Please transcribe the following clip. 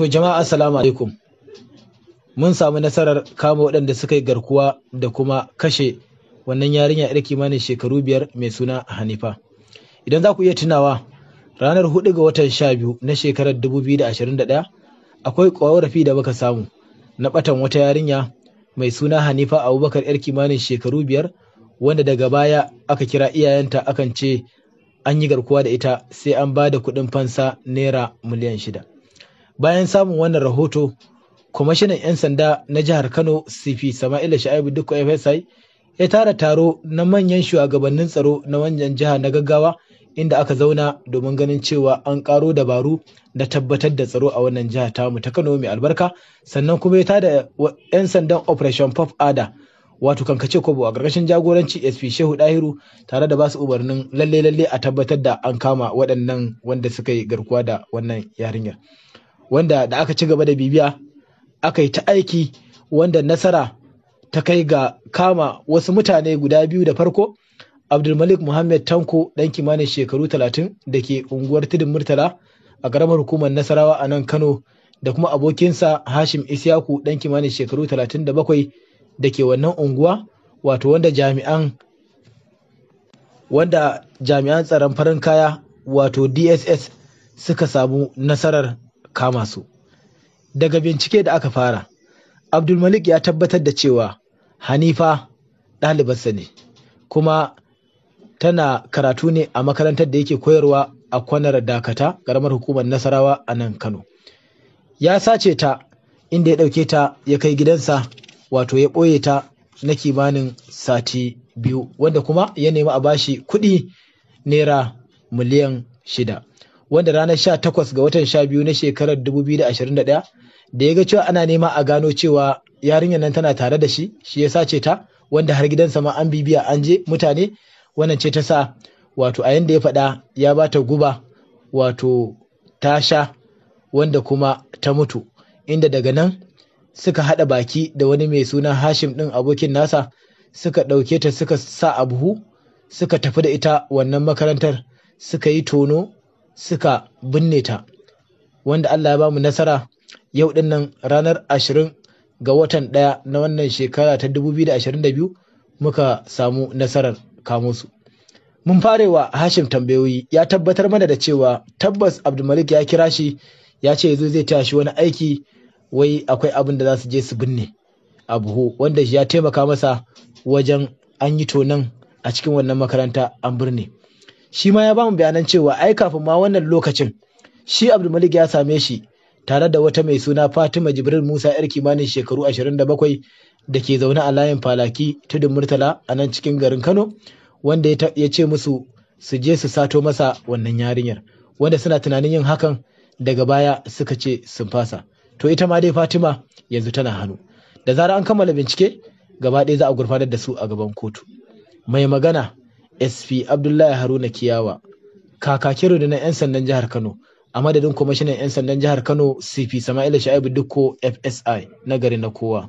To jama'a assalamu alaikum. Mun samu nasarar kama waɗanda suka yi garkuwa da kuma kashe wannan yarinya yar kimanin shekaru biyar mai suna Hanifa. Idan za ku iya tunawa ranar hudu ga watan Sha biyu na shekarar da ɗaya, akwai ƙorafi da muka samu na ɓatan wata yarinya mai suna Hanifa Abubakar yar kimanin shekaru biyar wanda daga baya aka kira iyayenta akan ce an yi garkuwa da ita sai an ba da kuɗin fansa naira miliyan shida. bayan samun wannan rahoto kwamishinan 'yan sanda na jihar kano cp sama'ila sha'ibu duk fsi ya tara taro na manyan shugabannin tsaro na wannan jiha na gaggawa inda aka zauna domin ganin cewa an karo dabaru da tabbatar da tsaro a wannan jiha tamu ta kano mai albarka sannan kuma ya tada 'yan sandan operation pop ada wato kankace kobo a ƙarƙashin jagoranci sp shehu dahiru tare da basu umarnin lalle lalle a tabbatar da an kama waɗannan wanda suka yi garkuwa da wannan yarinyar wanda da aka ci gaba da bibiya aka yi ta aiki wanda nasara ta kai ga kama wasu mutane guda biyu da farko abdulmalik muhammad tanko dan kimanin shekaru 30 da ke unguwar tudun murtala a karamar hukumar nasarawa a nan kano da kuma abokinsa hashim isyaku dan kimanin shekaru 37 da ke wannan unguwa wato wanda jami'an wanda jami'an tsaron farin kaya wato dss suka samu nasarar kama su daga bincike da aka fara abdulmalik ya tabbatar da cewa hanifa ɗalibarsa ne kuma tana karatu ne a makarantar da yake koyarwa a kwanar dakata ƙaramar hukumar nasarawa a nan kano ya sace ta inda ya ɗauke ta ya kai gidansa wato ya ɓoye ta na kimanin sati biyu wanda kuma ya nemi a bashi kuɗi naira miliyan shida wanda ranar sha takwas ga watan sha biyu na shekarar 2021 da ya ga cewa ana nema a gano cewa yarinyar nan tana tare da shi shi ya sace ta wanda har gidansa ma an bibiya an je mutane wannan ce ta sa wato a yanda ya faɗa ya ba ta guba wato ta sha wanda kuma ta mutu inda daga nan suka haɗa baki da wani mai suna hashim ɗin abokin nasa suka ɗauke ta suka sa a buhu suka tafi da ita wannan makarantar suka yi tono suka binne ta wanda Allah ya ba mu nasara yau din nan ranar ashirin ga watan ɗaya na wannan shekara ta da biyu, muka samu nasarar kamo su mun farewa Hashim tambayoyi ya tabbatar mana da cewa tabbas Abdulmalik ya kira shi ya ce yanzu zai tashi wani aiki wai akwai abin da za su je su binne a buhu wanda ya taimaka masa wajen an yi tonan a cikin wannan makaranta an birne. shi ma ya bamu bayanan cewa ai kafin ma wannan lokacin shi abdulmalik ya same shi tare da wata mai suna fatima jibril musa yar kimanin shekaru 27 da ke zaune a layin falaki tudun murtala a nan cikin garin kano wanda ya ce musu su je su sato masa wannan yarinyar wanda suna tunanin yin hakan daga baya suka ce sun fasa to ita ma dai fatima yanzu tana hannu da zarar an kammala bincike gaba ɗaya za a gurfanar da su a gaban kotu mai magana sp abdullahi haruna kiyawa kakakin rundunar 'yan sandan jihar kano a madadin kwamishinan 'yan sandan jihar kano cp sama'ila sha'ibu dukko fsi na gari na kowa